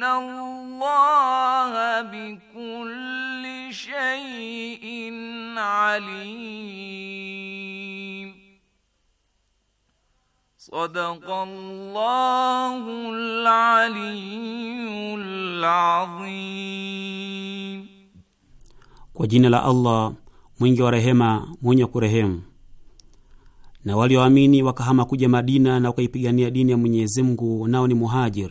Kwa jina la Allah mwingi wa rehema mwenye kurehemu. Na walioamini wa wakahama kuja Madina na wakaipigania dini ya Mwenyezi Mungu, nao ni muhajir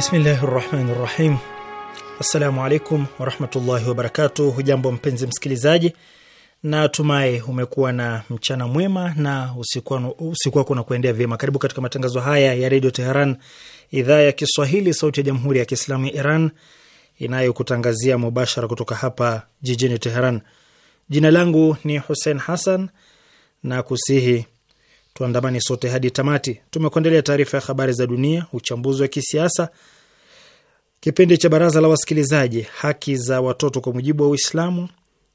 Bismillahi rahmani rahim. Assalamu alaikum warahmatullahi wabarakatu. Hujambo mpenzi msikilizaji, na tumai umekuwa na mchana mwema na usiku wako na kuendea vyema. Karibu katika matangazo haya ya redio Teheran, idhaa ya Kiswahili, sauti ya jamhuri ya kiislamu ya Iran inayokutangazia mubashara kutoka hapa jijini Teheran. Jina langu ni Hussein Hassan na kusihi Tuandamani sote hadi tamati. Tumekuandalia taarifa ya habari za dunia, uchambuzi wa kisiasa, kipindi cha baraza la wasikilizaji, haki za watoto kwa mujibu wa Uislamu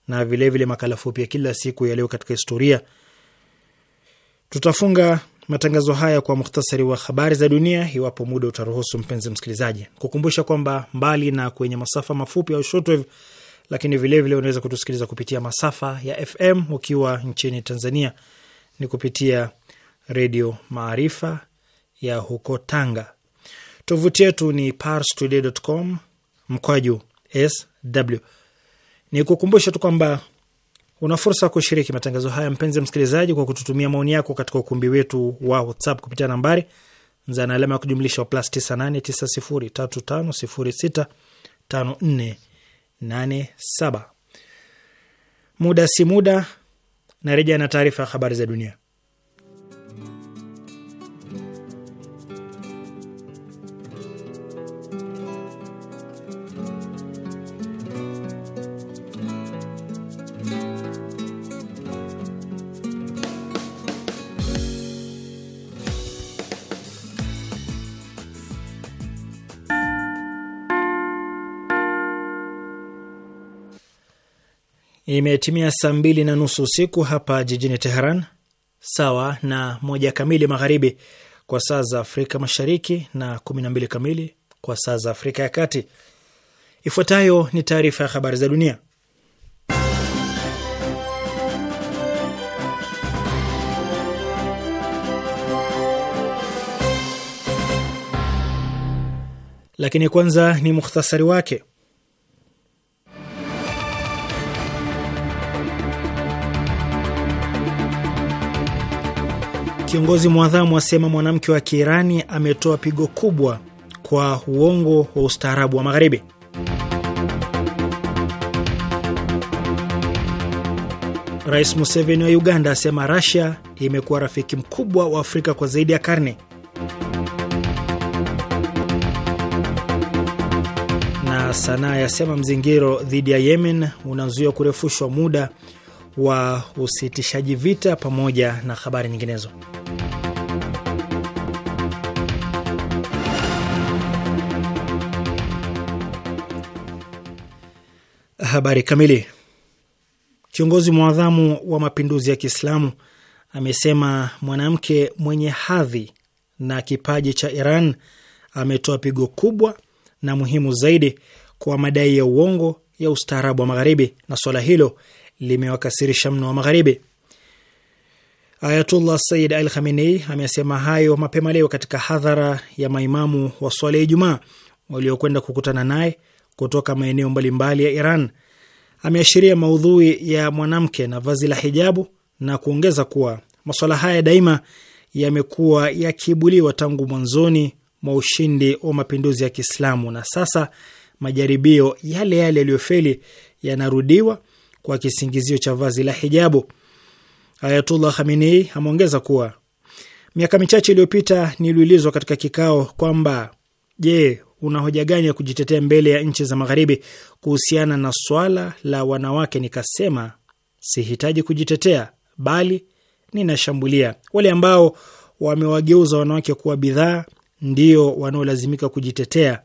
na vilevile vile makala fupi ya kila siku ya leo katika historia. Tutafunga matangazo haya kwa muhtasari wa habari za dunia, iwapo muda utaruhusu. Mpenzi msikilizaji, kukumbusha kwamba mbali na kwenye masafa mafupi au shortwave, lakini vilevile unaweza kutusikiliza kupitia masafa ya FM ukiwa nchini Tanzania ni kupitia Redio Maarifa ya huko Tanga. Tovuti yetu ni parstoday.com mkwaju sw. Ni kukumbusha tu kwamba una fursa ya kushiriki matangazo haya, mpenzi msikilizaji, kwa kututumia maoni yako katika ukumbi wetu wa WhatsApp kupitia nambari za na alama ya kujumlisha wa plus 989035065487. Muda si muda narejea na taarifa ya habari za dunia. Imetimia saa mbili na nusu usiku hapa jijini Teheran, sawa na moja kamili magharibi kwa saa za Afrika Mashariki na kumi na mbili kamili kwa saa za Afrika ya Kati. Ifuatayo ni taarifa ya habari za dunia, lakini kwanza ni mukhtasari wake. Kiongozi mwadhamu asema mwanamke wa Kiirani ametoa pigo kubwa kwa uongo wa ustaarabu wa Magharibi. Rais Museveni wa Uganda asema rasia imekuwa rafiki mkubwa wa Afrika kwa zaidi ya karne. Na Sanaa yasema mzingiro dhidi ya Yemen unazuia kurefushwa muda wa usitishaji vita pamoja na habari nyinginezo. Habari kamili. Kiongozi mwadhamu wa mapinduzi ya Kiislamu amesema mwanamke mwenye hadhi na kipaji cha Iran ametoa pigo kubwa na muhimu zaidi kwa madai ya uongo ya ustaarabu wa Magharibi, na suala hilo limewakasirisha mno wa Magharibi. Ayatullah Sayyid Al Khamenei amesema hayo mapema leo katika hadhara ya maimamu wa swala ya Ijumaa waliokwenda kukutana naye kutoka maeneo mbalimbali ya Iran. Ameashiria maudhui ya mwanamke na vazi la hijabu na kuongeza kuwa maswala haya daima yamekuwa yakiibuliwa tangu mwanzoni mwa ushindi wa mapinduzi ya Kiislamu, na sasa majaribio yale yale yaliyofeli yanarudiwa kwa kisingizio cha vazi la hijabu. Ayatullah Khamenei ameongeza kuwa miaka michache iliyopita niliulizwa katika kikao kwamba je, una hoja gani ya kujitetea mbele ya nchi za magharibi kuhusiana na swala la wanawake? Nikasema sihitaji kujitetea, bali ninashambulia wale ambao wamewageuza wanawake kuwa bidhaa, ndio wanaolazimika kujitetea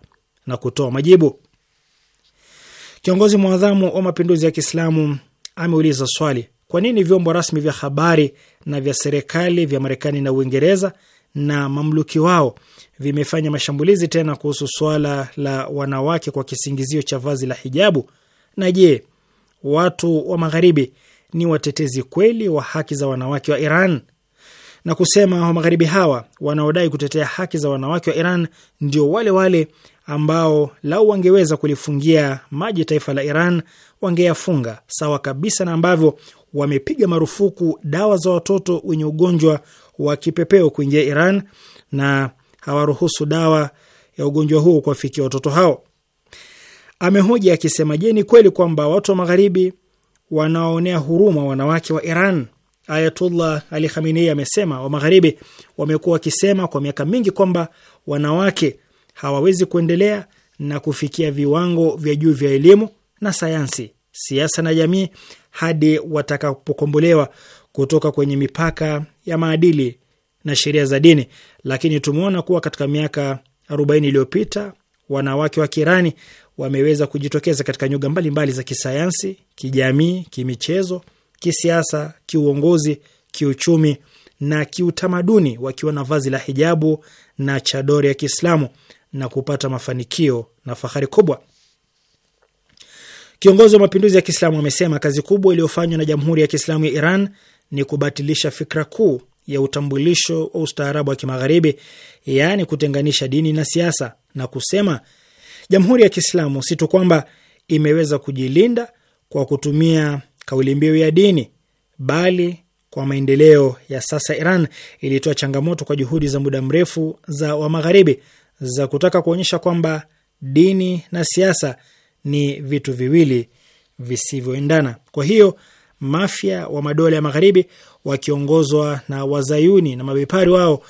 na kutoa majibu. Kiongozi mwadhamu wa mapinduzi ya Kiislamu ameuliza swali, kwa nini vyombo rasmi vya habari na vya serikali vya Marekani na Uingereza na mamluki wao vimefanya mashambulizi tena kuhusu swala la wanawake kwa kisingizio cha vazi la hijabu? Na je, watu wa magharibi ni watetezi kweli wa haki za wanawake wa Iran? Na kusema wa magharibi hawa wanaodai kutetea haki za wanawake wa Iran ndio wale wale ambao lau wangeweza kulifungia maji taifa la Iran wangeyafunga, sawa kabisa na ambavyo wamepiga marufuku dawa za watoto wenye ugonjwa wa kipepeo kuingia Iran na hawaruhusu dawa ya ugonjwa huo kuwafikia watoto hao. Amehoja akisema, je, ni kweli kwamba watu wa magharibi wanaonea huruma wanawake wa Iran? Ayatullah Ali Khamenei amesema wa magharibi wamekuwa wakisema kwa miaka mingi kwamba wanawake hawawezi kuendelea na kufikia viwango vya juu vya elimu na sayansi, siasa na jamii hadi watakapokombolewa kutoka kwenye mipaka ya maadili na sheria za dini. Lakini tumeona kuwa katika miaka 40 iliyopita wanawake wa Kirani wameweza kujitokeza katika nyuga mbalimbali za kisayansi, kijamii, kimichezo, kisiasa, kiuongozi, kiuchumi na kiutamaduni wakiwa na vazi la hijabu na chadori ya Kiislamu na kupata mafanikio na fahari kubwa. Kiongozi wa mapinduzi ya Kiislamu amesema kazi kubwa iliyofanywa na Jamhuri ya Kiislamu ya Iran ni kubatilisha fikra kuu ya utambulisho wa ustaarabu wa Kimagharibi, yaani kutenganisha dini na siasa, na kusema Jamhuri ya Kiislamu si tu kwamba imeweza kujilinda kwa kutumia kauli mbiu ya dini, bali kwa maendeleo ya sasa Iran ilitoa changamoto kwa juhudi za muda mrefu za Wamagharibi za kutaka kuonyesha kwamba dini na siasa ni vitu viwili visivyoendana. Kwa hiyo mafya wa madola ya magharibi wakiongozwa na wazayuni na mabepari wao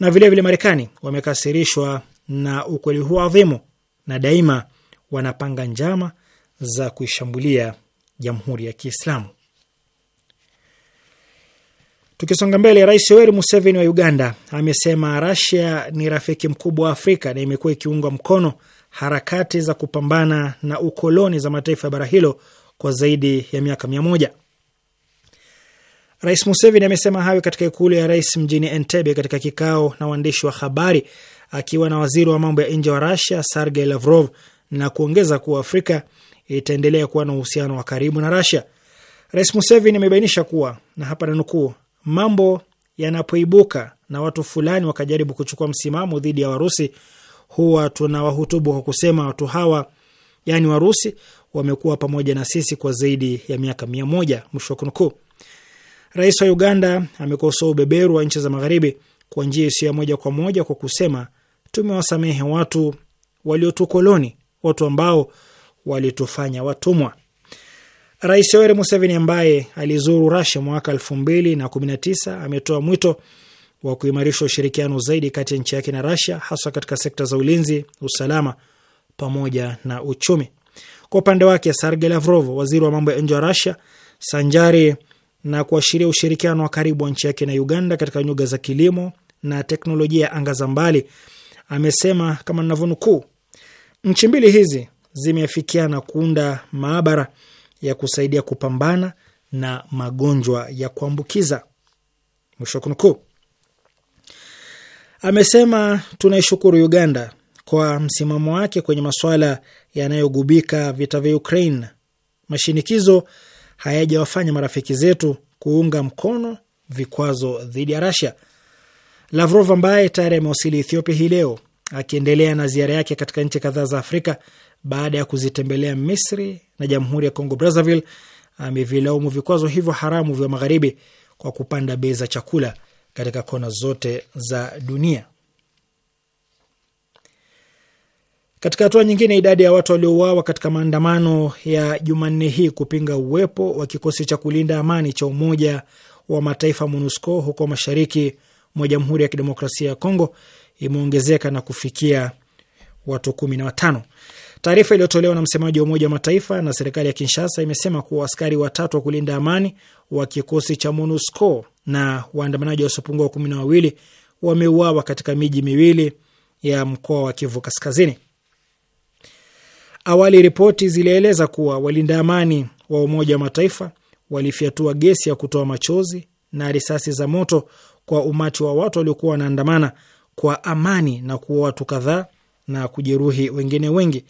na vilevile Marekani wamekasirishwa na ukweli huo adhimu na daima wanapanga njama za kuishambulia Jamhuri ya Kiislamu. Tukisonga mbele, Rais Yoweri Museveni wa Uganda amesema Rasia ni rafiki mkubwa wa Afrika na imekuwa ikiungwa mkono harakati za kupambana na ukoloni za mataifa ya bara hilo kwa zaidi ya miaka mia moja. Rais Museveni amesema hayo katika ikulu ya rais mjini Entebbe katika kikao na waandishi wa habari akiwa na waziri wa mambo ya nje wa Rasia Sergey Lavrov na kuongeza kuwa Afrika itaendelea kuwa na uhusiano wa karibu na Rasia. Rais Museveni amebainisha kuwa na hapa nanukuu, mambo yanapoibuka na watu fulani wakajaribu kuchukua msimamo dhidi ya Warusi, huwa tunawahutubu kwa kusema watu hawa, yani Warusi, wamekuwa pamoja na sisi kwa zaidi ya miaka mia moja. Mwisho wa kunukuu. Rais wa Uganda amekosoa ubeberu wa nchi za magharibi kwa njia isiyo ya moja kwa moja kwa kusema tumewasamehe watu waliotukoloni, watu ambao walitufanya watumwa. Rais Yoweri Museveni ambaye alizuru Rasia mwaka elfu mbili na kumi na tisa ametoa mwito wa kuimarisha ushirikiano zaidi kati ya nchi yake na Rasia, haswa katika sekta za ulinzi, usalama pamoja na uchumi. Kwa upande wake, Sergey Lavrov, waziri wa mambo ya nje wa Rasia, sanjari na kuashiria ushirikiano wa karibu wa nchi yake na Uganda katika nyuga za kilimo na teknolojia ya anga za mbali, amesema kama ninavyonukuu, nchi mbili hizi zimeafikiana kuunda maabara ya kusaidia kupambana na magonjwa ya kuambukiza. Mwisho kunukuu. Amesema tunaishukuru Uganda kwa msimamo wake kwenye masuala yanayogubika vita vya Ukraine. Mashinikizo hayajawafanya marafiki zetu kuunga mkono vikwazo dhidi ya rasia Lavrov ambaye tayari amewasili Ethiopia hii leo akiendelea na ziara yake katika nchi kadhaa za Afrika baada ya kuzitembelea Misri na Jamhuri ya Kongo Brazzaville, amevilaumu vikwazo hivyo haramu vya Magharibi kwa kupanda bei za chakula katika kona zote za dunia. Katika hatua nyingine, idadi ya watu waliouawa katika maandamano ya Jumanne hii kupinga uwepo wa kikosi cha kulinda amani cha Umoja wa Mataifa MONUSCO huko mashariki mwa Jamhuri ya Kidemokrasia ya Kongo imeongezeka na kufikia watu kumi na watano. Taarifa iliyotolewa na msemaji wa Umoja wa Mataifa na serikali ya Kinshasa imesema kuwa askari watatu wa kulinda amani wa kikosi cha MONUSCO na waandamanaji wasiopungua kumi na wawili wameuawa katika miji miwili ya mkoa wa Kivu Kaskazini. Awali ripoti zilieleza kuwa walinda amani wa Umoja wa Mataifa walifyatua gesi ya kutoa machozi na risasi za moto kwa umati wa watu waliokuwa wanaandamana kwa amani na kuua watu kadhaa na kujeruhi wengine wengi.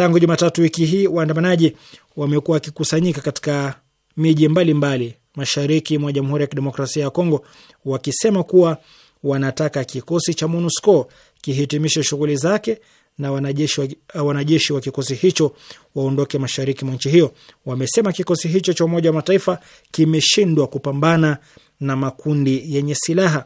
Tangu Jumatatu wiki hii waandamanaji wamekuwa wakikusanyika katika miji mbalimbali mashariki mwa Jamhuri ya Kidemokrasia ya Kongo wakisema kuwa wanataka kikosi cha MONUSCO kihitimishe shughuli zake na wanajeshi wa, uh, wanajeshi wa kikosi hicho waondoke mashariki mwa nchi hiyo. Wamesema kikosi hicho cha Umoja wa Mataifa kimeshindwa kupambana na makundi yenye silaha.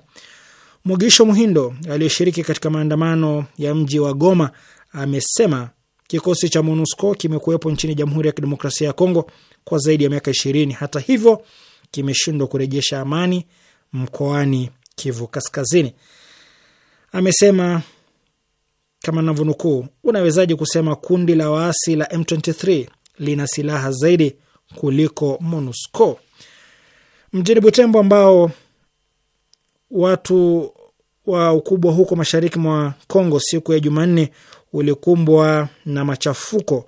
Mwagisho Muhindo aliyeshiriki katika maandamano ya mji wa Goma amesema Kikosi cha MONUSCO kimekuwepo nchini Jamhuri ya Kidemokrasia ya Kongo kwa zaidi ya miaka ishirini. Hata hivyo, kimeshindwa kurejesha amani mkoani Kivu Kaskazini. Amesema kama navyonukuu, unawezaje kusema kundi la waasi la M23 lina silaha zaidi kuliko MONUSCO? Mjini Butembo ambao watu wa ukubwa huko mashariki mwa congo siku ya Jumanne ulikumbwa na machafuko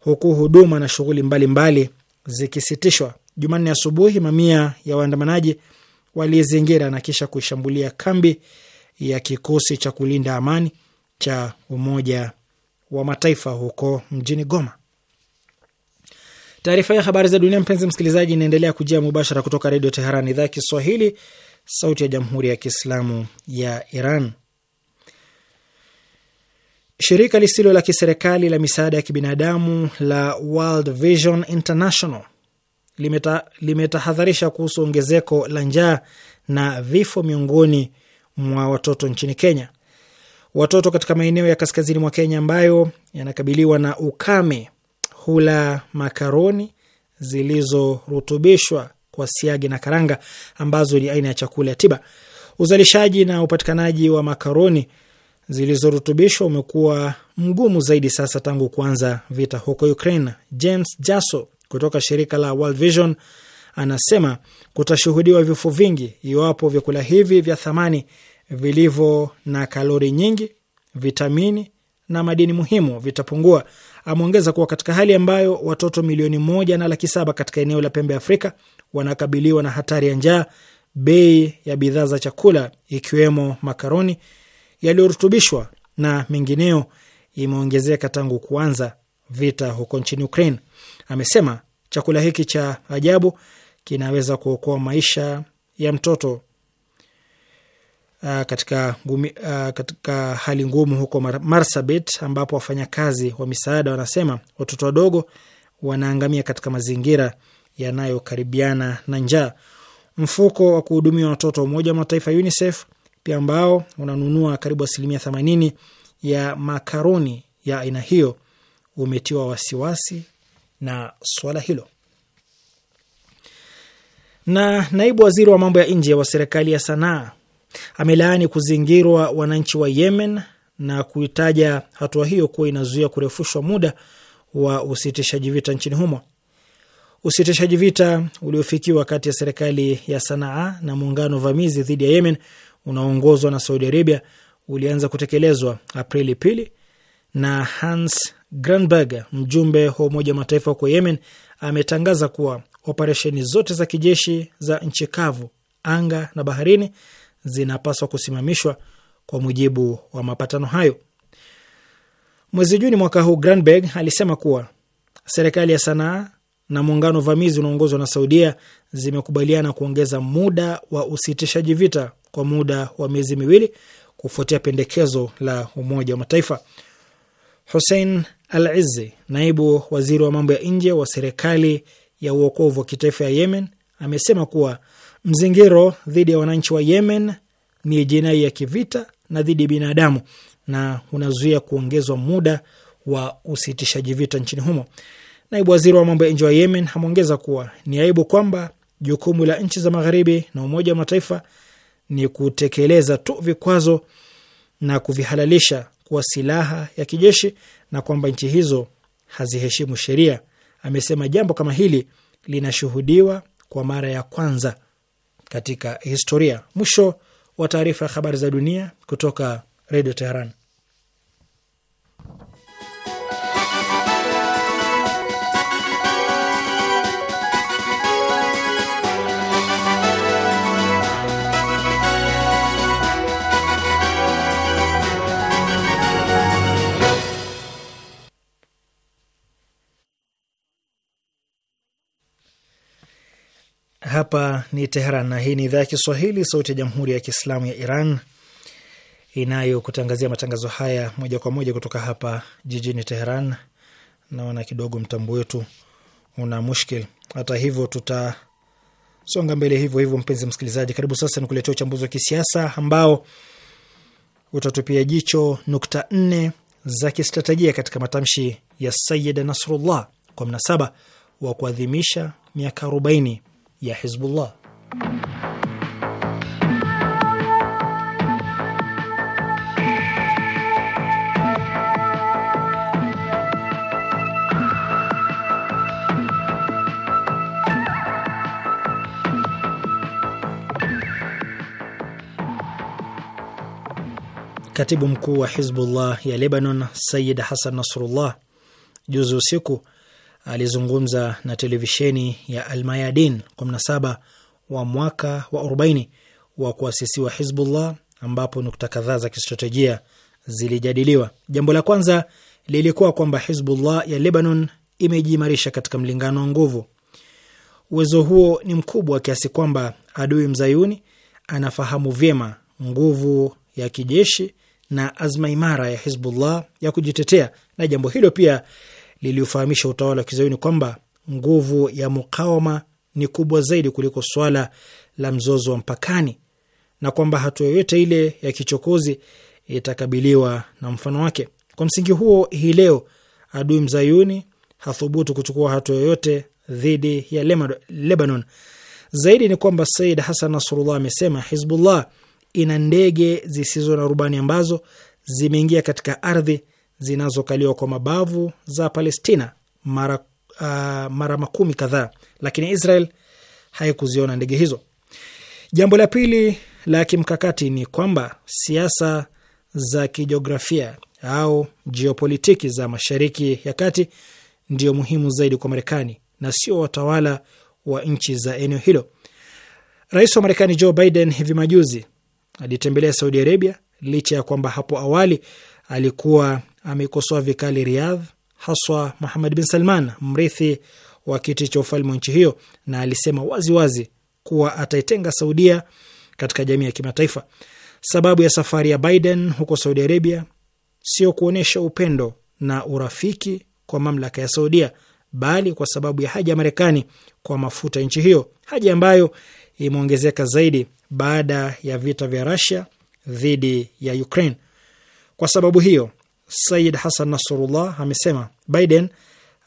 huku huduma na shughuli mbalimbali zikisitishwa. Jumanne asubuhi, mamia ya waandamanaji walizingira na kisha kuishambulia kambi ya kikosi cha kulinda amani cha Umoja wa Mataifa huko mjini Goma. Taarifa ya habari za dunia, mpenzi msikilizaji, inaendelea kujia mubashara kutoka Redio Teheran, idhaa ya Kiswahili, sauti ya Jamhuri ya Kiislamu ya Iran. Shirika lisilo la kiserikali la misaada ya kibinadamu la World Vision International limeta, limetahadharisha kuhusu ongezeko la njaa na vifo miongoni mwa watoto nchini Kenya. Watoto katika maeneo ya kaskazini mwa Kenya ambayo yanakabiliwa na ukame hula makaroni zilizorutubishwa kwa siagi na karanga ambazo ni aina ya chakula ya tiba. Uzalishaji na upatikanaji wa makaroni zilizorutubishwa umekuwa mgumu zaidi sasa tangu kuanza vita huko Ukraine. James jaso kutoka shirika la World Vision anasema kutashuhudiwa vifo vingi iwapo vyakula hivi vya thamani vilivyo na kalori nyingi, vitamini na madini muhimu vitapungua. Ameongeza kuwa katika hali ambayo watoto milioni moja na laki saba katika eneo la pembe Afrika wanakabiliwa na hatari ya njaa, bei ya bidhaa za chakula ikiwemo makaroni yaliyorutubishwa na mengineo imeongezeka tangu kuanza vita huko nchini Ukraine. Amesema chakula hiki cha ajabu kinaweza kuokoa maisha ya mtoto uh, katika, gumi, uh, katika hali ngumu huko Marsabit ambapo wafanyakazi wa misaada wanasema watoto wadogo wanaangamia katika mazingira yanayokaribiana na njaa. Mfuko wa kuhudumia watoto wa Umoja wa Mataifa UNICEF pia ambao unanunua karibu asilimia themanini ya makaroni ya aina hiyo umetiwa wasiwasi na swala hilo. Na naibu waziri wa mambo ya nje wa serikali ya Sanaa amelaani kuzingirwa wananchi wa Yemen na kuitaja hatua hiyo kuwa inazuia kurefushwa muda wa usitishaji vita nchini humo. Usitishaji vita uliofikiwa kati ya serikali ya Sanaa na muungano vamizi dhidi ya Yemen unaoongozwa na Saudi Arabia ulianza kutekelezwa Aprili pili, na Hans granberg mjumbe wa Umoja wa Mataifa huko Yemen, ametangaza kuwa operesheni zote za kijeshi za nchi kavu, anga na baharini zinapaswa kusimamishwa kwa mujibu wa mapatano hayo. Mwezi Juni mwaka huu, Granberg alisema kuwa serikali ya Sanaa na muungano vamizi unaoongozwa na Saudia zimekubaliana kuongeza muda wa usitishaji vita kwa muda wa miezi miwili kufuatia pendekezo la Umoja wa Mataifa. Hussein Al-Izzi, naibu waziri wa mambo ya nje wa serikali ya uokovu wa kitaifa ya Yemen, amesema kuwa mzingiro dhidi ya wananchi wa Yemen ni jinai ya kivita na dhidi ya binadamu na unazuia kuongezwa muda wa usitishaji vita nchini humo. Naibu waziri wa mambo ya nje wa Yemen ameongeza kuwa ni aibu kwamba jukumu la nchi za Magharibi na Umoja wa Mataifa ni kutekeleza tu vikwazo na kuvihalalisha kuwa silaha ya kijeshi na kwamba nchi hizo haziheshimu sheria. Amesema jambo kama hili linashuhudiwa kwa mara ya kwanza katika historia. Mwisho wa taarifa ya habari za dunia kutoka Redio Teheran. Hapa ni Teheran na hii ni idhaa ya Kiswahili, sauti ya jamhuri ya kiislamu ya Iran inayokutangazia matangazo haya moja kwa moja kutoka hapa jijini Teheran. Naona kidogo mtambo wetu una mushkil, hata hivyo tutasonga mbele hivyo hivyo. Mpenzi msikilizaji, karibu sasa ni kuletea uchambuzi wa kisiasa ambao utatupia jicho nukta nne za kistratejia katika matamshi ya Sayid Nasrullah kwa mnasaba wa kuadhimisha miaka arobaini يا حزب الله Katibu mkuu wa Hizbullah ya Lebanon Sayid Hasan Nasrullah juzi usiku alizungumza na televisheni ya Almayadin 17 wa mwaka wa 40 wa kuasisiwa Hizbullah, ambapo nukta kadhaa za kistratejia zilijadiliwa. Jambo la kwanza lilikuwa kwamba Hizbullah ya Lebanon imejiimarisha katika mlingano wa nguvu. Uwezo huo ni mkubwa kiasi kwamba adui mzayuni anafahamu vyema nguvu ya kijeshi na azma imara ya Hizbullah ya kujitetea, na jambo hilo pia liliofahamisha utawala wa kizayuni kwamba nguvu ya mukawama ni kubwa zaidi kuliko swala la mzozo wa mpakani na kwamba hatua yoyote ile ya kichokozi itakabiliwa na mfano wake. Kwa msingi huo, hii leo adui mzayuni hathubutu kuchukua hatua yoyote dhidi ya Lebanon. Zaidi ni kwamba Said Hasan Nasrullah amesema Hizbullah ina ndege zisizo na rubani ambazo zimeingia katika ardhi zinazokaliwa kwa mabavu za Palestina mara, uh, mara makumi kadhaa, lakini Israel haikuziona ndege hizo. Jambo la pili la kimkakati ni kwamba siasa za kijiografia au jiopolitiki za Mashariki ya Kati ndio muhimu zaidi kwa Marekani na sio watawala wa nchi za eneo hilo. Rais wa Marekani Joe Biden hivi majuzi alitembelea Saudi Arabia licha ya kwamba hapo awali alikuwa amekosoa vikali Riyadh, haswa Muhamad bin Salman, mrithi wa kiti cha ufalme wa nchi hiyo, na alisema waziwazi wazi kuwa ataitenga Saudia katika jamii ya kimataifa. Sababu ya safari ya Biden huko Saudi Arabia sio kuonyesha upendo na urafiki kwa mamlaka ya Saudia, bali kwa sababu ya haja ya Marekani kwa mafuta nchi hiyo, haja ambayo imeongezeka zaidi baada ya vita vya rasia dhidi ya Ukraine. Kwa sababu hiyo said Hasan Nasrullah amesema Biden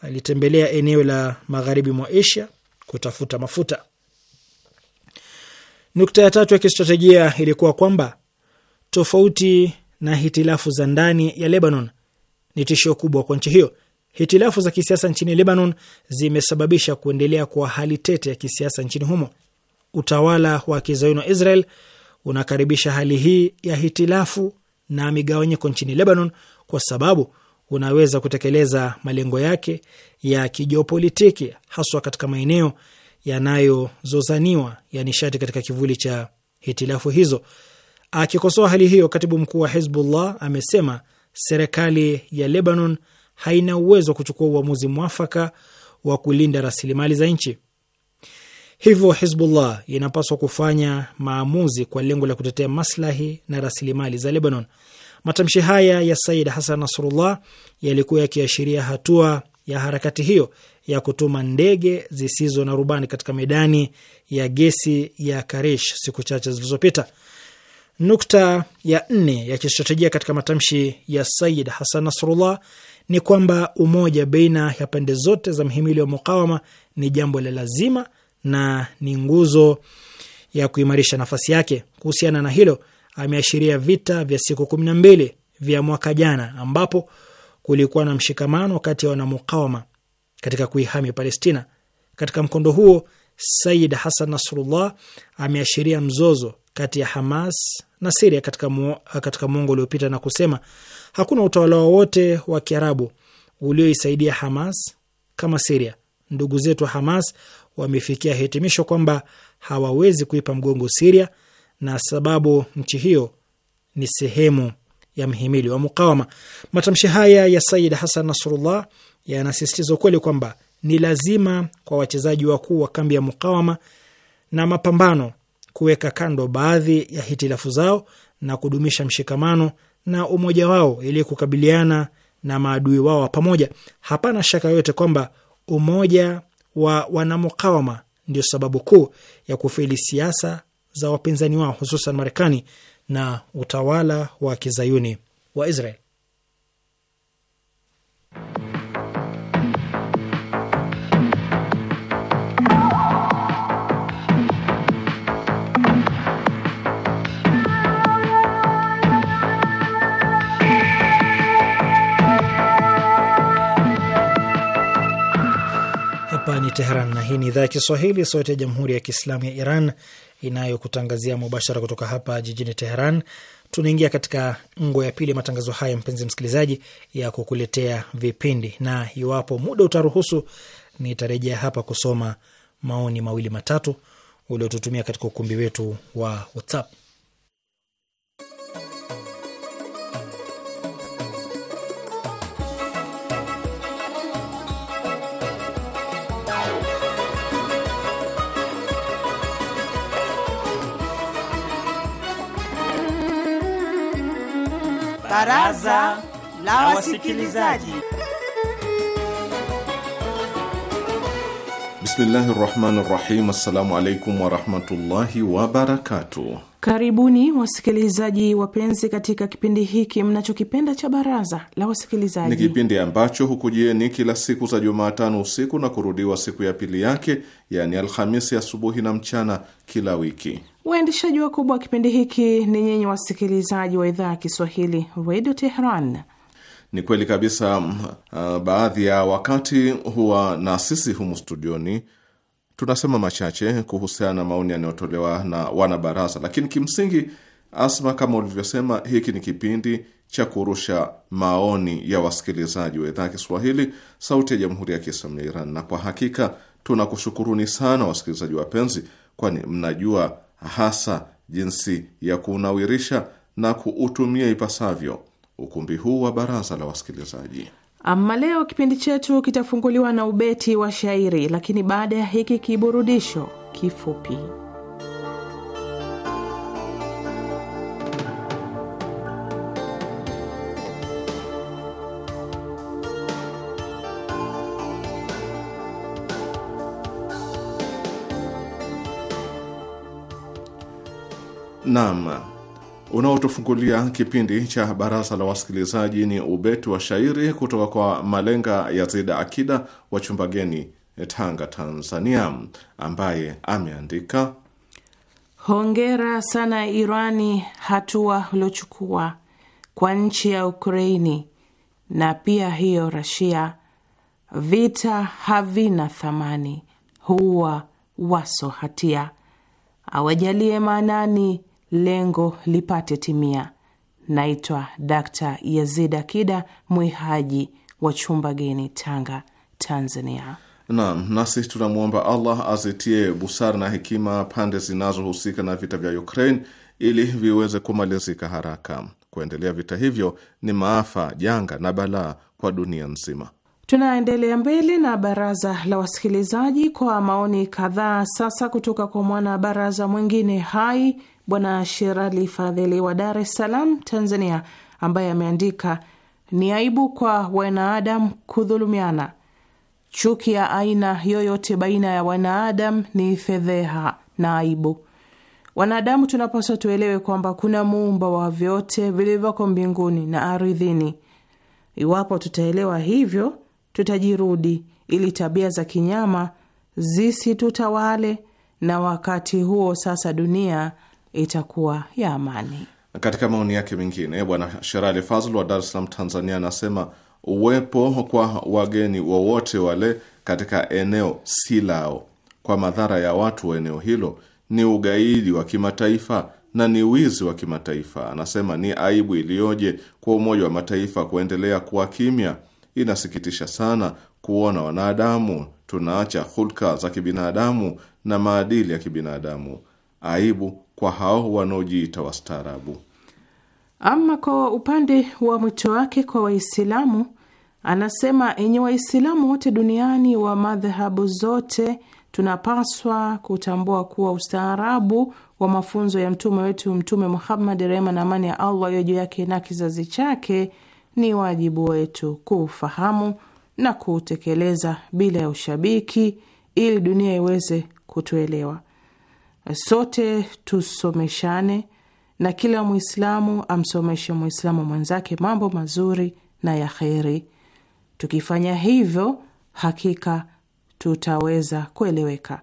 alitembelea eneo la magharibi mwa Asia kutafuta mafuta. Nukta ya tatu ya kistratejia ilikuwa kwamba tofauti na hitilafu za ndani ya Lebanon ni tishio kubwa kwa nchi hiyo. Hitilafu za kisiasa nchini Lebanon zimesababisha kuendelea kwa hali tete ya kisiasa nchini humo. Utawala wa kizayuni wa Israel unakaribisha hali hii ya hitilafu na migawanyiko nchini Lebanon kwa sababu unaweza kutekeleza malengo yake ya kijiopolitiki haswa katika maeneo yanayozozaniwa ya nishati katika kivuli cha hitilafu hizo. Akikosoa hali hiyo, katibu mkuu wa Hizbullah amesema serikali ya Lebanon haina uwezo wa kuchukua uamuzi mwafaka wa kulinda rasilimali za nchi. Hivyo Hizbullah inapaswa kufanya maamuzi kwa lengo la kutetea maslahi na rasilimali za Lebanon. Matamshi haya ya Said Hasan Nasrullah yalikuwa yakiashiria hatua ya harakati hiyo ya kutuma ndege zisizo na rubani katika medani ya gesi ya Karish siku chache zilizopita. Nukta ya nne ya kistratejia katika matamshi ya Said Hasan Nasrullah ni kwamba umoja baina ya pande zote za mhimili wa mukawama ni jambo la lazima na ni nguzo ya kuimarisha nafasi yake. Kuhusiana na hilo, ameashiria vita vya siku kumi na mbili vya mwaka jana ambapo kulikuwa na mshikamano kati ya wanamukawama katika kuihami Palestina. Katika mkondo huo, Said Hasan Nasrullah ameashiria mzozo kati ya Hamas na Siria katika, mu, katika mwongo uliopita na kusema hakuna utawala wowote wa kiarabu ulioisaidia Hamas kama Siria. Ndugu zetu wa Hamas wamefikia hitimisho kwamba hawawezi kuipa mgongo Siria na sababu nchi hiyo ni sehemu ya mhimili wa mukawama. Matamshi haya ya Sayid Hasan Nasrullah yanasisitiza ukweli kwamba ni lazima kwa wachezaji wakuu wa kambi ya mukawama na mapambano kuweka kando baadhi ya hitilafu zao na kudumisha mshikamano na umoja wao ili kukabiliana na maadui wao wa pamoja. Hapana shaka yote kwamba umoja wa wanamukawama ndio sababu kuu ya kufeli siasa za wapinzani wao hususan Marekani na utawala wa kizayuni wa Israel. Hapa ni Teheran na hii ni idhaa ya Kiswahili, sauti ya jamhuri ya kiislamu ya Iran inayokutangazia mubashara kutoka hapa jijini Teheran. Tunaingia katika ngo ya pili matangazo haya, mpenzi msikilizaji, ya kukuletea vipindi, na iwapo muda utaruhusu, nitarejea hapa kusoma maoni mawili matatu uliotutumia katika ukumbi wetu wa WhatsApp. baraza la wasikilizaji. Bismillahi rahmani rahim. Assalamu alaikum warahmatullahi wabarakatuh. Karibuni wasikilizaji wapenzi, katika kipindi hiki mnachokipenda cha baraza la wasikilizaji. Ni kipindi ambacho hukujieni kila siku za Jumatano usiku na kurudiwa siku ya pili yake, yaani Alhamisi asubuhi ya na mchana kila wiki. Waendeshaji wakubwa wa kipindi hiki ni nyinyi wasikilizaji wa idhaa ya Kiswahili Radio Tehran ni kweli kabisa. Mm, uh, baadhi ya wakati huwa na sisi humu studioni tunasema machache kuhusiana na maoni yanayotolewa na wanabaraza, lakini kimsingi, Asma, kama ulivyosema, hiki ni kipindi cha kurusha maoni ya wasikilizaji wa idhaa Kiswahili, Sauti ya Jamhuri ya Kiislamu ya Iran, na kwa hakika tunakushukuruni sana wasikilizaji wapenzi, kwani mnajua hasa jinsi ya kuunawirisha na kuutumia ipasavyo ukumbi huu wa baraza la wasikilizaji. Ama leo kipindi chetu kitafunguliwa na ubeti wa shairi, lakini baada ya hiki kiburudisho kifupi. nam Unaotufungulia kipindi cha baraza la wasikilizaji ni ubeti wa shairi kutoka kwa Malenga Yazida Akida wa Chumbageni, eh, Tanga, Tanzania, ambaye ameandika: hongera sana Irani hatua uliochukua kwa nchi ya Ukraini na pia hiyo Rasia. Vita havina thamani, huwa waso hatia, awajalie maanani lengo lipate timia. Naitwa Dakta Yazid Akida Mwihaji wa chumba geni, Tanga, Tanzania. Naam, nasi tunamwomba Allah azitie busara na hekima pande zinazohusika na vita vya Ukraine ili viweze kumalizika haraka. Kuendelea vita hivyo ni maafa, janga na balaa kwa dunia nzima. Tunaendelea mbele na baraza la wasikilizaji kwa maoni kadhaa sasa kutoka kwa mwana baraza mwingine hai Bwana Sherali Fadhili wa Dar es Salaam, Tanzania, ambaye ameandika ni aibu kwa wanaadamu kudhulumiana. Chuki ya aina yoyote baina ya wanaadamu ni fedheha na aibu. Wanadamu tunapaswa tuelewe kwamba kuna muumba wa vyote vilivyoko mbinguni na ardhini. Iwapo tutaelewa hivyo, tutajirudi ili tabia za kinyama zisitutawale, na wakati huo sasa dunia itakuwa ya amani. Katika maoni yake mengine, Bwana Sherali Fazl wa Dar es Salaam, Tanzania, anasema uwepo kwa wageni wowote wale katika eneo si lao kwa madhara ya watu wa eneo hilo ni ugaidi wa kimataifa na ni wizi wa kimataifa. Anasema ni aibu iliyoje kwa Umoja wa Mataifa kuendelea kuwa kimya. Inasikitisha sana kuona wanadamu tunaacha hulka za kibinadamu na maadili ya kibinadamu. Aibu kwa hao wanaojiita wastaarabu. Ama kwa upande wa mwito wake kwa Waislamu, anasema enye Waislamu wote duniani wa madhehabu zote tunapaswa kutambua kuwa ustaarabu wa mafunzo ya mtume wetu Mtume Muhammad, rehema na amani ya Allah iwe juu yake na kizazi chake, ni wajibu wetu kuufahamu na kuutekeleza bila ya ushabiki, ili dunia iweze kutuelewa. Sote tusomeshane na kila Mwislamu amsomeshe Mwislamu mwenzake mambo mazuri na ya kheri. Tukifanya hivyo, hakika tutaweza kueleweka.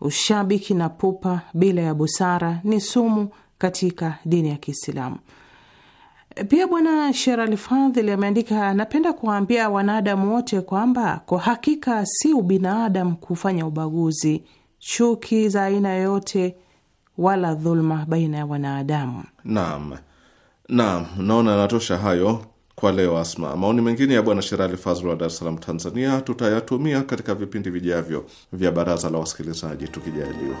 Ushabiki na pupa bila ya busara ni sumu katika dini ya Kiislamu. Pia Bwana Sher Fadhili ameandika, napenda kuwaambia wanadamu wote kwamba kwa hakika si ubinadamu kufanya ubaguzi chuki za aina yoyote wala dhulma baina ya wanadamu. Naam, naam, naona yanatosha hayo kwa leo. Asma, maoni mengine ya Bwana Sherali Fazl wa Dar es Salaam, Tanzania, tutayatumia katika vipindi vijavyo vya Baraza la Wasikilizaji tukijaliwa.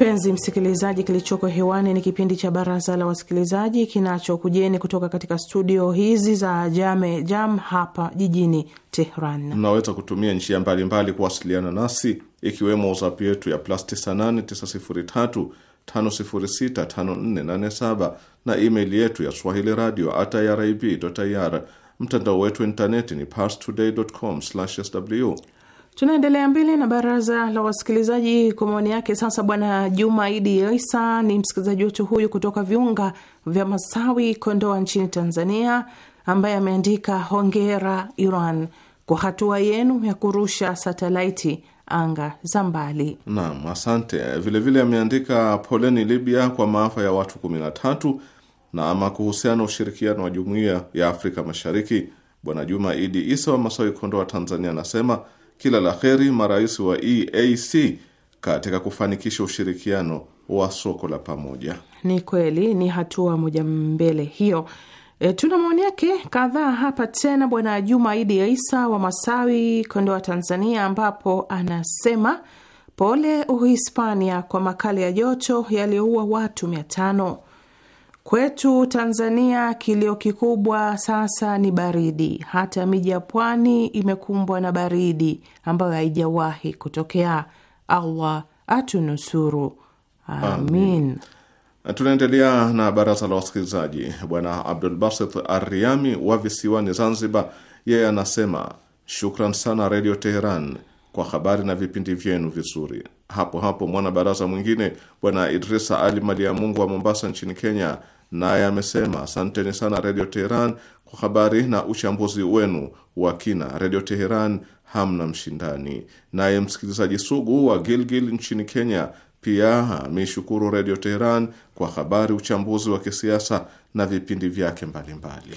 Mpenzi msikilizaji, kilichoko hewani ni kipindi cha Baraza la Wasikilizaji kinachokujeni kutoka katika studio hizi za Jame Jam hapa jijini Tehran. Mnaweza kutumia njia mbalimbali kuwasiliana nasi, ikiwemo WhatsApp yetu ya plus 989035065487 na email yetu ya swahili radio at irib.ir. Mtandao wetu wa intaneti ni parstoday.com/sw Tunaendelea mbele na baraza la wasikilizaji kwa maoni yake. Sasa bwana Juma Idi Isa ni msikilizaji wetu huyu kutoka viunga vya Masawi, Kondoa nchini Tanzania, ambaye ameandika hongera Iran kwa hatua yenu ya kurusha satelaiti anga za mbali. Naam, asante. Vilevile ameandika poleni Libya kwa maafa ya watu kumi Na ama kuhusiana ushirikiano wa jumuiya ya Afrika Mashariki, bwana Juma Idi Isa wa Masawi, Kondoa, Tanzania, anasema kila la heri marais wa EAC katika kufanikisha ushirikiano wa soko la pamoja. Ni kweli ni hatua moja mbele hiyo. E, tuna maoni yake kadhaa hapa tena, Bwana Juma Idi Isa wa Masawi, Kondoa, Tanzania, ambapo anasema pole Uhispania kwa makali ya joto yaliyoua watu mia tano. Kwetu Tanzania kilio kikubwa sasa ni baridi. Hata miji ya pwani imekumbwa na baridi ambayo haijawahi kutokea. Allah atunusuru, amin. Tunaendelea na baraza la wasikilizaji. Bwana Abdul Basit Ariami wa visiwani Zanzibar, yeye anasema shukran sana Redio Teheran kwa habari na vipindi vyenu vizuri. Hapo hapo mwanabaraza mwingine Bwana Idrisa Ali mungu wa Mombasa nchini Kenya, naye amesema asanteni sana Redio Teheran kwa habari na uchambuzi wenu wa kina. Redio Teheran hamna mshindani. Naye msikilizaji sugu wa Gilgil nchini Kenya pia ameishukuru Redio Teheran kwa habari, uchambuzi wa kisiasa na vipindi vyake mbalimbali.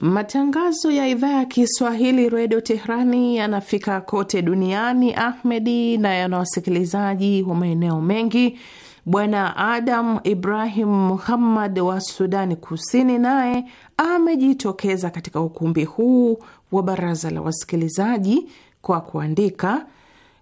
Matangazo ya idhaa ya Kiswahili redio Teherani yanafika kote duniani, Ahmedi, na yana wasikilizaji wa maeneo mengi. Bwana Adam Ibrahim Muhammad wa Sudani Kusini naye amejitokeza katika ukumbi huu wa baraza la wasikilizaji kwa kuandika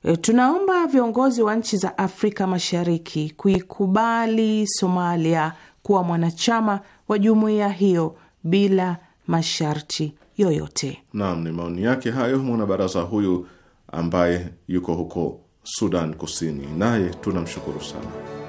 e, tunaomba viongozi wa nchi za Afrika Mashariki kuikubali Somalia kuwa mwanachama wa jumuiya hiyo bila masharti yoyote. Naam, ni maoni yake hayo mwanabaraza huyu ambaye yuko huko Sudan Kusini, naye tunamshukuru sana.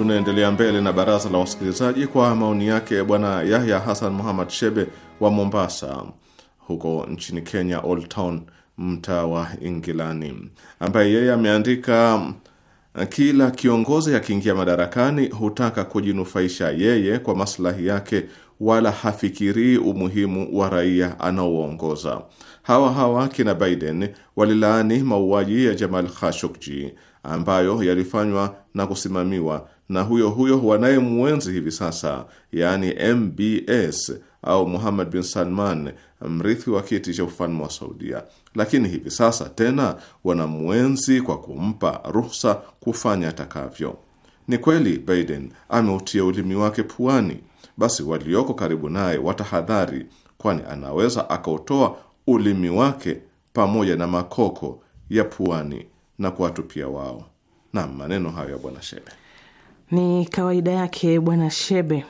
Tunaendelea mbele na baraza la wasikilizaji kwa maoni yake bwana Yahya Hassan Muhammad Shebe wa Mombasa huko nchini Kenya, Old Town, mtaa wa Ingilani, ambaye yeye ameandika kila kiongozi akiingia madarakani hutaka kujinufaisha yeye kwa maslahi yake, wala hafikirii umuhimu wa raia anaoongoza Hawa hawa kina Biden walilaani mauaji ya Jamal Khashoggi ambayo yalifanywa na kusimamiwa na huyo huyo wanayemwenzi hivi sasa, yaani MBS au Muhammad bin Salman, mrithi wa kiti cha ufalme wa Saudia. Lakini hivi sasa tena wanamwenzi kwa kumpa ruhusa kufanya atakavyo. Ni kweli Biden ameutia ulimi wake puani, basi walioko karibu naye watahadhari, kwani anaweza akautoa ulimi wake pamoja na makoko ya puani na kuwatupia wao. Naam, maneno hayo ya Bwana Shebe. Ni kawaida yake Bwana Shebe.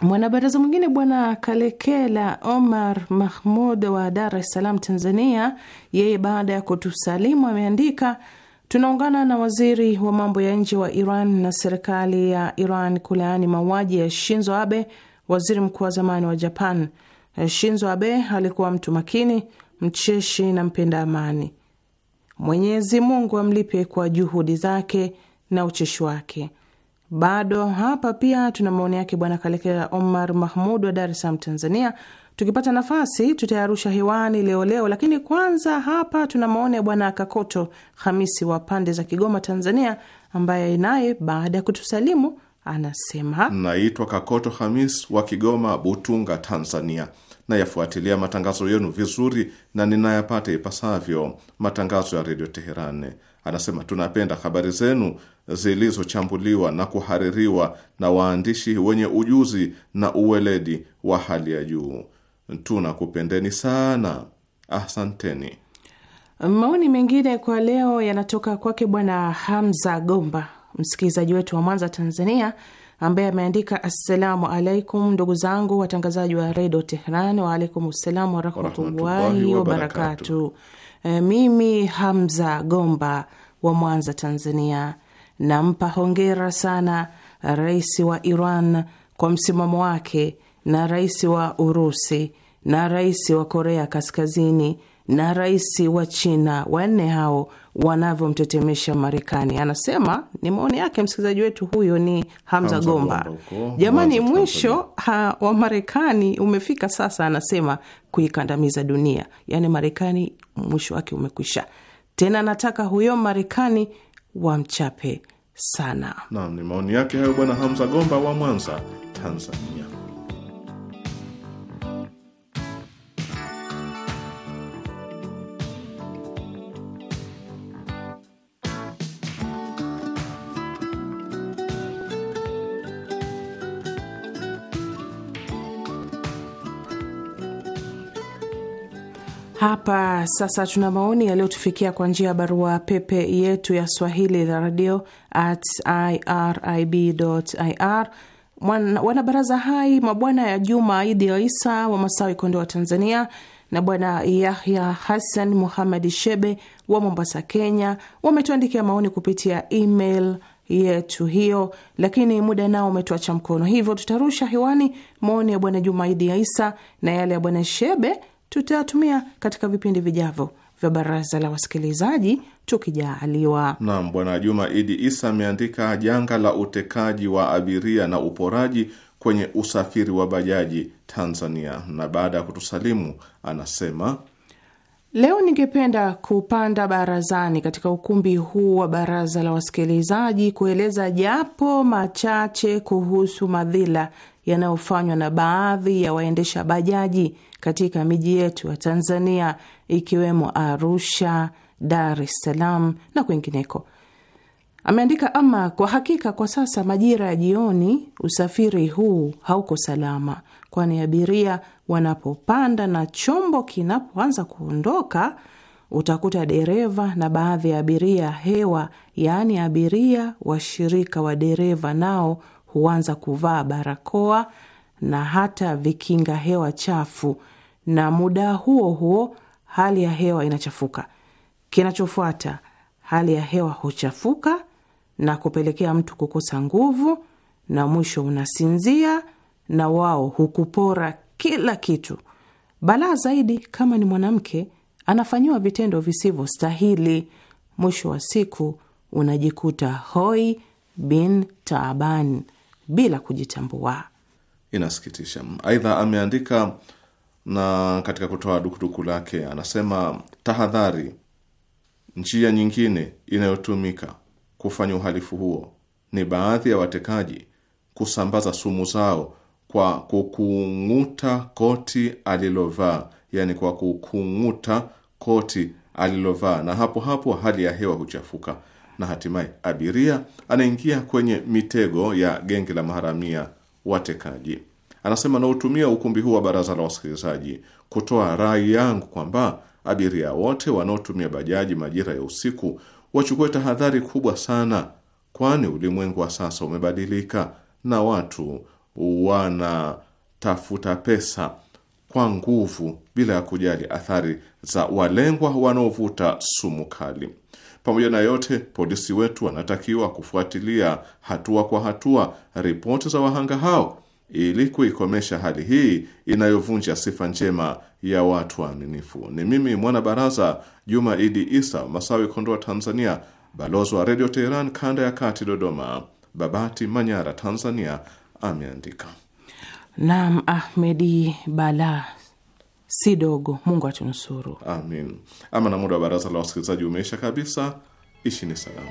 Mwanabaraza mwingine Bwana Kalekela Omar Mahmud wa Dar es Salaam, Tanzania, yeye baada ya kutusalimu ameandika Tunaungana na waziri wa mambo ya nje wa Iran na serikali ya Iran kulaani mauaji ya Shinzo Abe, waziri mkuu wa zamani wa Japan. Shinzo Abe alikuwa mtu makini, mcheshi na mpenda amani. Mwenyezi Mungu amlipe kwa juhudi zake na ucheshi wake. Bado hapa pia tuna maoni yake Bwana kalekea Omar Mahmud wa Dar es Salaam, Tanzania. Tukipata nafasi tutayarusha hewani leo leo, lakini kwanza hapa tuna maoni ya Bwana Kakoto Hamisi wa pande za Kigoma, Tanzania, ambaye naye baada ya kutusalimu anasema, naitwa Kakoto Hamis wa Kigoma, Butunga, Tanzania. Nayafuatilia matangazo yenu vizuri na ninayapata ipasavyo matangazo ya redio Teherani. Anasema tunapenda habari zenu zilizochambuliwa na kuhaririwa na waandishi wenye ujuzi na uweledi wa hali ya juu. Tunakupendeni sana, asanteni. Maoni mengine kwa leo yanatoka kwake Bwana Hamza Gomba, msikilizaji wetu wa Mwanza, Tanzania, ambaye ameandika assalamu alaikum, ndugu zangu watangazaji wa redio Tehran. Waalaikum salam warahmatullahi wabarakatu. Eh, mimi Hamza Gomba wa Mwanza, Tanzania Nampa hongera sana rais wa Iran kwa msimamo wake na rais wa Urusi na rais wa Korea Kaskazini na rais wa China, wanne hao wanavyomtetemesha Marekani. Anasema ni maoni yake msikilizaji wetu huyo ni Hamza, Hamza Gomba, Gomba. Jamani, mwisho ha, wa Marekani umefika sasa, anasema kuikandamiza dunia, yaani Marekani mwisho wake umekwisha. Tena nataka huyo Marekani wamchape sana. Naam, ni maoni yake hayo Bwana Hamza Gomba wa Mwanza, Tanzania. Hapa sasa tuna maoni yaliyotufikia kwa njia ya barua pepe yetu ya Swahili radio at irib ir. Wanabaraza hai mabwana ya Juma Idi Isa wa Masawi, Kondoa wa Tanzania, na bwana Yahya Hassan Muhamadi Shebe wa Mombasa, Kenya, wametuandikia maoni kupitia email yetu hiyo, lakini muda nao umetuacha mkono, hivyo tutarusha hewani maoni ya bwana Jumaidi ya Isa na yale ya bwana Shebe tutayatumia katika vipindi vijavyo vya baraza la wasikilizaji tukijaaliwa. Naam, Bwana Juma Idi Isa ameandika janga la utekaji wa abiria na uporaji kwenye usafiri wa bajaji Tanzania, na baada ya kutusalimu anasema Leo ningependa kupanda barazani katika ukumbi huu wa baraza la wasikilizaji kueleza japo machache kuhusu madhila yanayofanywa na baadhi ya waendesha bajaji katika miji yetu ya Tanzania ikiwemo Arusha, Dar es Salaam na kwingineko. Ameandika, ama kwa hakika kwa sasa majira ya jioni usafiri huu hauko salama, kwani abiria wanapopanda na chombo kinapoanza kuondoka utakuta dereva na baadhi ya abiria hewa, yaani abiria washirika wa dereva nao huanza kuvaa barakoa na hata vikinga hewa chafu, na muda huo huo hali ya hewa inachafuka. Kinachofuata, hali ya hewa huchafuka na kupelekea mtu kukosa nguvu, na mwisho unasinzia, na wao hukupora kila kitu. Balaa zaidi kama ni mwanamke, anafanyiwa vitendo visivyostahili. Mwisho wa siku unajikuta hoi bin taaban bila kujitambua inasikitisha. Aidha ameandika na katika kutoa dukuduku lake anasema, tahadhari, njia nyingine inayotumika kufanya uhalifu huo ni baadhi ya watekaji kusambaza sumu zao kwa kukung'uta koti alilovaa, yani kwa kukung'uta koti alilovaa, na hapo hapo hali ya hewa huchafuka na hatimaye abiria anaingia kwenye mitego ya genge la maharamia watekaji. Anasema nautumia ukumbi huu wa baraza la wasikilizaji kutoa rai yangu kwamba abiria wote wanaotumia bajaji majira ya usiku wachukue tahadhari kubwa sana, kwani ulimwengu wa sasa umebadilika na watu wanatafuta pesa kwa nguvu bila ya kujali athari za walengwa wanaovuta sumu kali. Pamoja na yote, polisi wetu wanatakiwa kufuatilia hatua kwa hatua ripoti za wahanga hao ili kuikomesha hali hii inayovunja sifa njema ya watu waaminifu. Ni mimi mwana baraza Juma Idi Isa Masawi, Kondoa, Tanzania, balozi wa Redio Teheran kanda ya kati, Dodoma, Babati, Manyara, Tanzania. Ameandika nam Ahmedi Bala si dogo. Mungu atunusuru, amin. Ama na muda wa baraza la wasikilizaji umeisha kabisa. Ishi ni salamu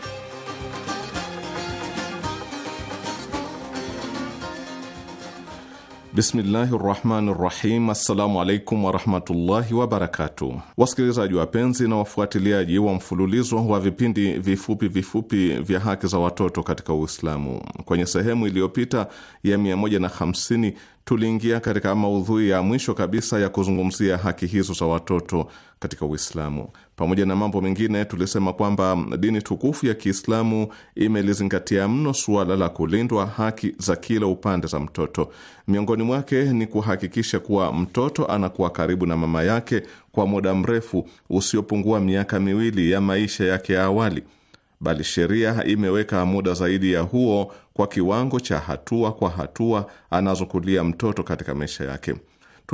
Bismillahi rahmani rahim. Assalamu alaikum warahmatullahi wabarakatu. Wasikilizaji wapenzi na wafuatiliaji wa mfululizo wa vipindi vifupi vifupi vya haki za watoto katika Uislamu, kwenye sehemu iliyopita ya 150 tuliingia katika maudhui ya mwisho kabisa ya kuzungumzia haki hizo za watoto katika Uislamu. Pamoja na mambo mengine, tulisema kwamba dini tukufu ya Kiislamu imelizingatia mno suala la kulindwa haki za kila upande za mtoto. Miongoni mwake ni kuhakikisha kuwa mtoto anakuwa karibu na mama yake kwa muda mrefu usiopungua miaka miwili ya maisha yake ya awali, bali sheria imeweka muda zaidi ya huo kwa kiwango cha hatua kwa hatua anazokulia mtoto katika maisha yake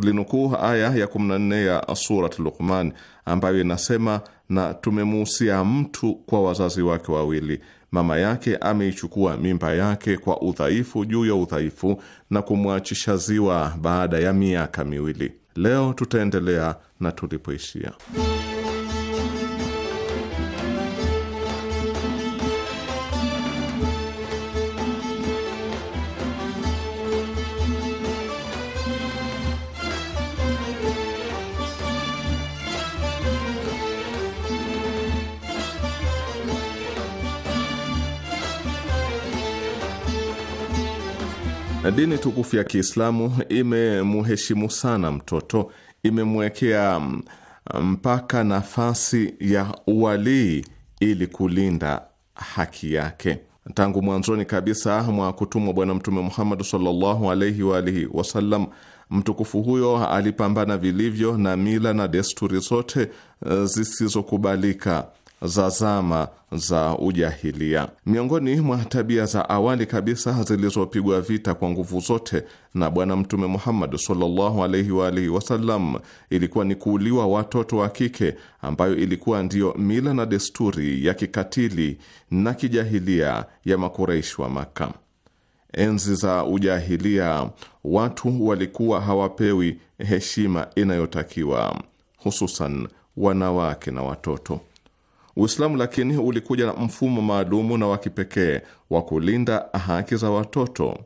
tulinukuu aya ya 14 ya Surat Luqman ambayo inasema, na tumemuhusia mtu kwa wazazi wake wawili, mama yake ameichukua mimba yake kwa udhaifu juu ya udhaifu na kumwachisha ziwa baada ya miaka miwili. Leo tutaendelea na tulipoishia. Dini tukufu ya Kiislamu imemheshimu sana mtoto, imemwekea mm, mpaka nafasi ya uwalii ili kulinda haki yake. Tangu mwanzoni kabisa mwa kutumwa Bwana Mtume Muhammad sallallahu alaihi wa alihi wasallam, mtukufu huyo alipambana vilivyo na mila na desturi zote eh, zisizokubalika za zama za ujahilia. Miongoni mwa tabia za awali kabisa zilizopigwa vita kwa nguvu zote na Bwana Mtume Muhammad sallallahu alaihi wa alihi wasallam ilikuwa ni kuuliwa watoto wa kike, ambayo ilikuwa ndiyo mila na desturi ya kikatili na kijahilia ya Makuraishi wa Maka. Enzi za ujahilia, watu walikuwa hawapewi heshima inayotakiwa, hususan wanawake na watoto. Uislamu lakini ulikuja na mfumo maalumu na wa kipekee wa kulinda haki za watoto,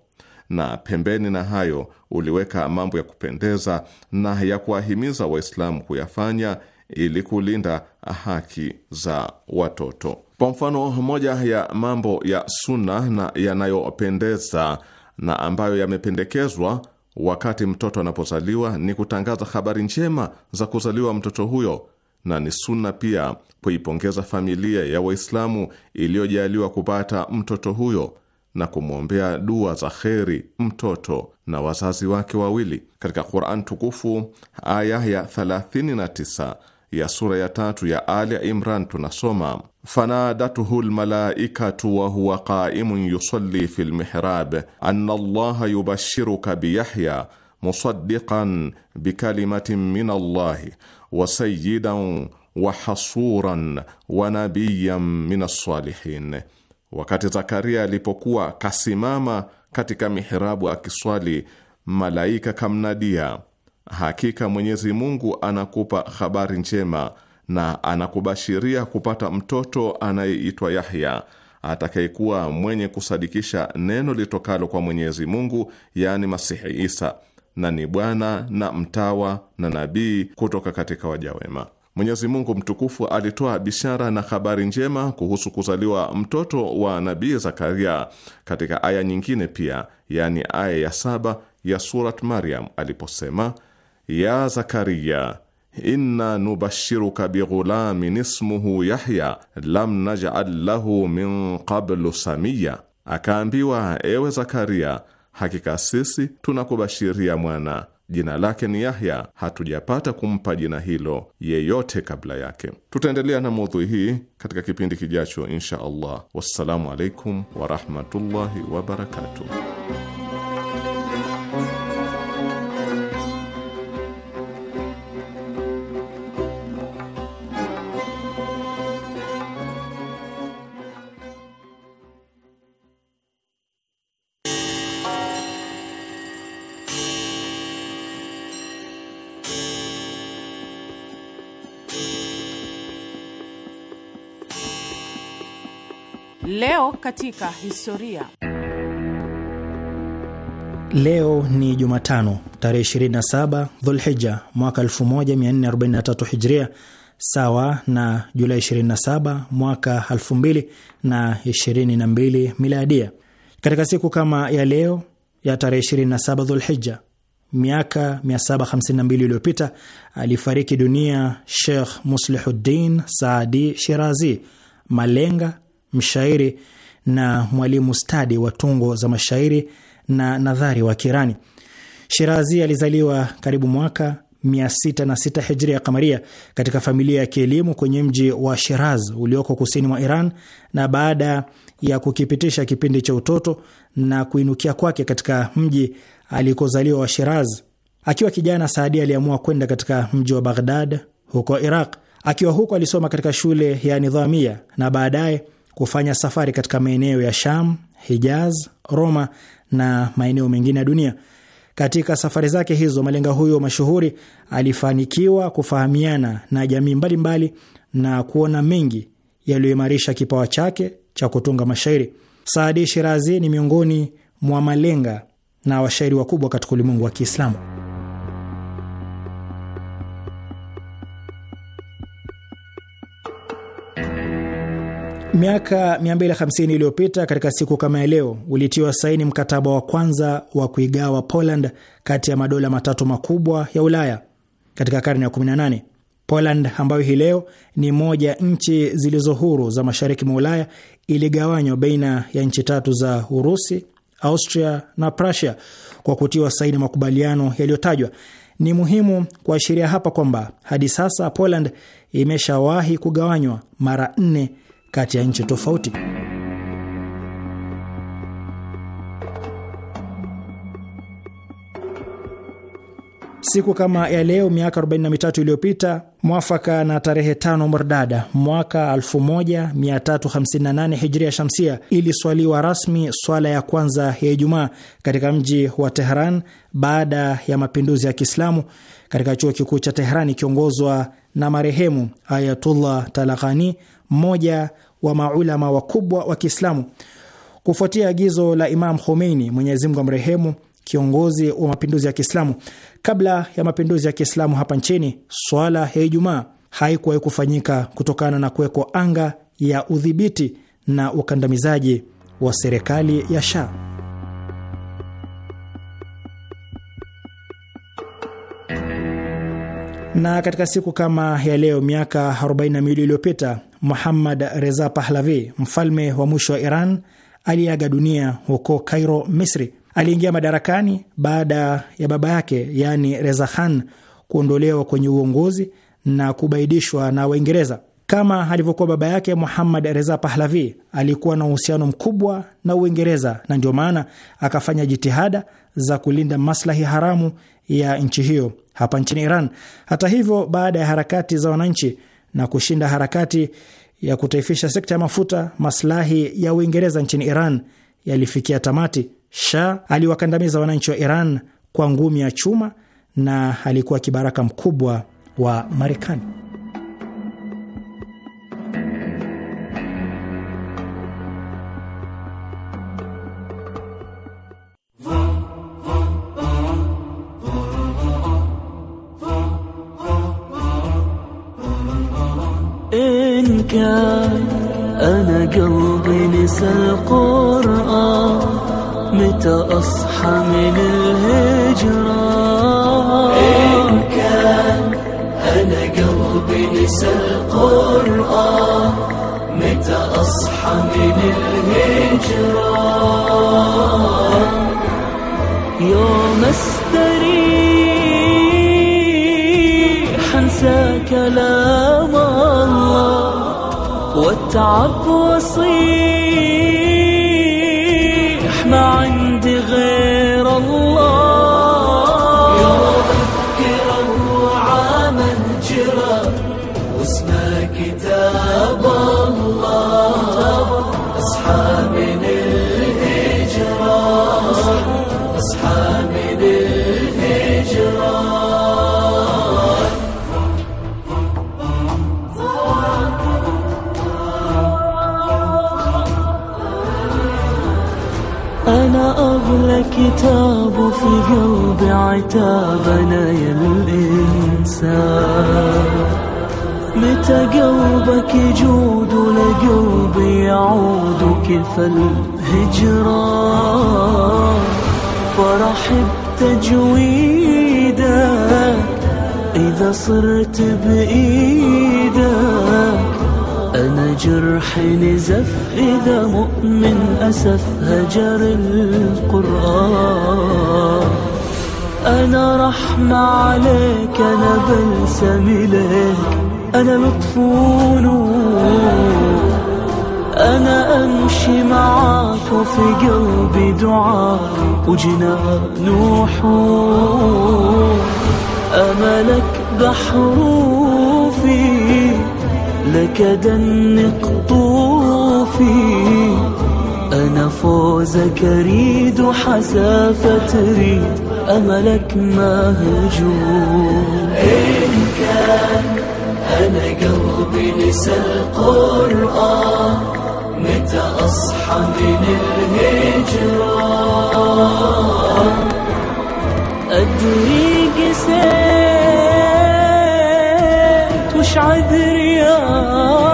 na pembeni na hayo uliweka mambo ya kupendeza na ya kuwahimiza Waislamu kuyafanya ili kulinda haki za watoto. Kwa mfano, moja ya mambo ya suna na yanayopendeza na ambayo yamependekezwa wakati mtoto anapozaliwa ni kutangaza habari njema za kuzaliwa mtoto huyo na ni sunna pia kuipongeza familia ya Waislamu iliyojaliwa kupata mtoto huyo na kumwombea dua za kheri mtoto na wazazi wake wawili. Katika Quran tukufu aya ya 39 ya sura ya tatu ya Ali Imran tunasoma fanadatuhu lmalaikatu wahuwa qaimun yusalli fi lmihrab an allaha yubashiruka biyahya musadiqan bikalimatin min allahi wa sayyidan wa hasuran wa nabiyan min as-salihin. Wakati Zakaria alipokuwa kasimama katika mihrabu akiswali, malaika kamnadia, hakika Mwenyezi Mungu anakupa habari njema na anakubashiria kupata mtoto anayeitwa Yahya atakayekuwa mwenye kusadikisha neno litokalo kwa Mwenyezi Mungu, yaani Masihi Isa na ni bwana na mtawa na nabii kutoka katika waja wema. Mwenyezi Mungu mtukufu alitoa bishara na habari njema kuhusu kuzaliwa mtoto wa Nabii Zakaria katika aya nyingine pia, yaani aya ya saba ya Surat Maryam aliposema: ya Zakaria inna nubashiruka bighulamin ismuhu Yahya lam naj'al lahu min qablu samiya, akaambiwa ewe Zakaria Hakika sisi tunakubashiria mwana, jina lake ni Yahya, hatujapata kumpa jina hilo yeyote kabla yake. Tutaendelea na maudhui hii katika kipindi kijacho insha Allah. Wassalamu alaikum warahmatullahi wabarakatuh. Leo katika historia. Leo ni Jumatano tarehe 27 Dhulhija mwaka 1443 Hijria, sawa na Julai 27 mwaka 2022 Miladia. Katika siku kama ya leo ya tarehe 27 Dhulhija miaka 752 iliyopita alifariki dunia Sheikh Muslihuddin Saadi Shirazi, malenga mshairi na mwalimu stadi wa tungo za mashairi na nadhari wa Kirani. Shirazi alizaliwa karibu mwaka 606 hijria kamaria katika familia ya kielimu kwenye mji wa Shiraz ulioko kusini mwa Iran, na baada ya kukipitisha kipindi cha utoto na kuinukia kwake katika mji alikozaliwa wa Shiraz, akiwa kijana Saadi aliamua kwenda katika mji wa Baghdad huko Iraq. Akiwa huko alisoma katika shule ya Nidhamia na baadaye kufanya safari katika maeneo ya Sham, Hijaz, Roma na maeneo mengine ya dunia. Katika safari zake hizo, malenga huyo mashuhuri alifanikiwa kufahamiana na jamii mbalimbali na kuona mengi yaliyoimarisha kipawa chake cha kutunga mashairi. Saadi Shirazi ni miongoni mwa malenga na washairi wakubwa katika ulimwengu wa Kiislamu. Miaka 250 iliyopita katika siku kama ya leo ulitiwa saini mkataba wa kwanza wa kuigawa Poland kati ya madola matatu makubwa ya Ulaya katika karne ya 18. Poland ambayo hii leo ni moja ya nchi zilizo huru za mashariki mwa Ulaya iligawanywa baina ya nchi tatu za Urusi, Austria na Prussia kwa kutiwa saini makubaliano yaliyotajwa. Ni muhimu kuashiria hapa kwamba hadi sasa Poland imeshawahi kugawanywa mara nne kati ya nchi tofauti. Siku kama ya leo miaka 43 iliyopita mwafaka na tarehe tano Mordada mwaka 1358 hijria shamsia, iliswaliwa rasmi swala ya kwanza ya Ijumaa katika mji wa Tehran baada ya mapinduzi ya Kiislamu katika chuo kikuu cha Tehran ikiongozwa na marehemu Ayatullah Talakani mmoja wa maulama wakubwa wa Kiislamu. Kufuatia agizo la Imam Khomeini, Mwenyezi Mungu amrehemu, kiongozi wa mapinduzi ya Kiislamu, kabla ya mapinduzi ya Kiislamu hapa nchini, swala ya Ijumaa haikuwahi kufanyika kutokana na kuwekwa anga ya udhibiti na ukandamizaji wa serikali ya Shah. Na katika siku kama ya leo miaka 42 iliyopita Muhammad Reza Pahlavi, mfalme wa mwisho wa Iran, aliyeaga dunia huko Cairo, Misri. Aliingia madarakani baada ya baba yake, yaani Reza Khan, kuondolewa kwenye uongozi na kubaidishwa na Waingereza. Kama alivyokuwa baba yake, Muhammad Reza Pahlavi alikuwa na uhusiano mkubwa na Uingereza na ndio maana akafanya jitihada za kulinda maslahi haramu ya nchi hiyo hapa nchini Iran. Hata hivyo, baada ya harakati za wananchi na kushinda harakati ya kutaifisha sekta ya mafuta, maslahi ya Uingereza nchini Iran yalifikia tamati. Shah aliwakandamiza wananchi wa Iran kwa ngumi ya chuma na alikuwa kibaraka mkubwa wa Marekani. مكان أنا قلبي نسى القرآن متى أصحى من الهجرة إن كان أنا قلبي نسى القرآن متى أصحى من الهجرة يوم استريح أنسى كلام تعب وصير الكتاب في قلب عتابنا يا الإنسان متى قلبك يجود لقلبي يعود كيف الهجران فرحب تجويدك إذا صرت بإيدك أنا جرح نزف إذا مؤمن أسف هجر القرآن أنا رحمة عليك أنا بلسم إليك أنا لطف أنا أمشي معاك وفي قلبي دعاء وجنان وحور أملك بحروفي لك دنق طوفي أنا فوزك أريد حسافة أريد أملك ما هجوم إن كان أنا قلبي نسى القرآن متى أصحى من الهجران أدري قسيت وش عذري Oh.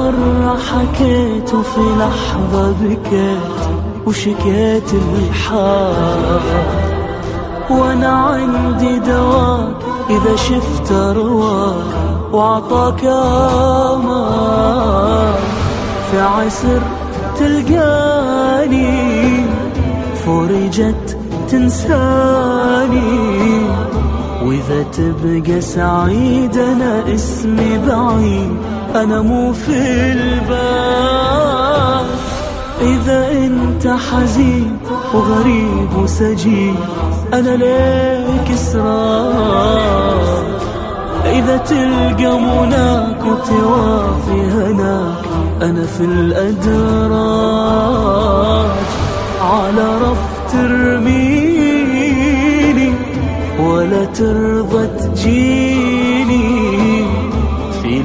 مرة حكيت وفي لحظة بكيت وشكيت الحال وانا عندي دواك اذا شفت رواك وعطاك امان في عسر تلقاني فرجت تنساني واذا تبقى سعيد انا اسمي بعيد أنا مو في البال إذا أنت حزين وغريب وسجين أنا ليك إسرار إذا تلقى مناك وتوافي هناك أنا في الأدراج على رف ترميني ولا ترضى تجيني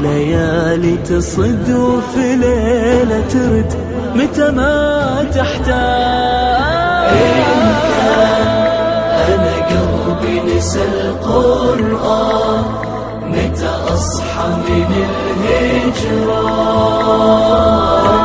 ليالي تصد وفي ليلة ترد متى ما تحتاج إن كان أنا قلبي نسى القرآن متى أصحى من الهجران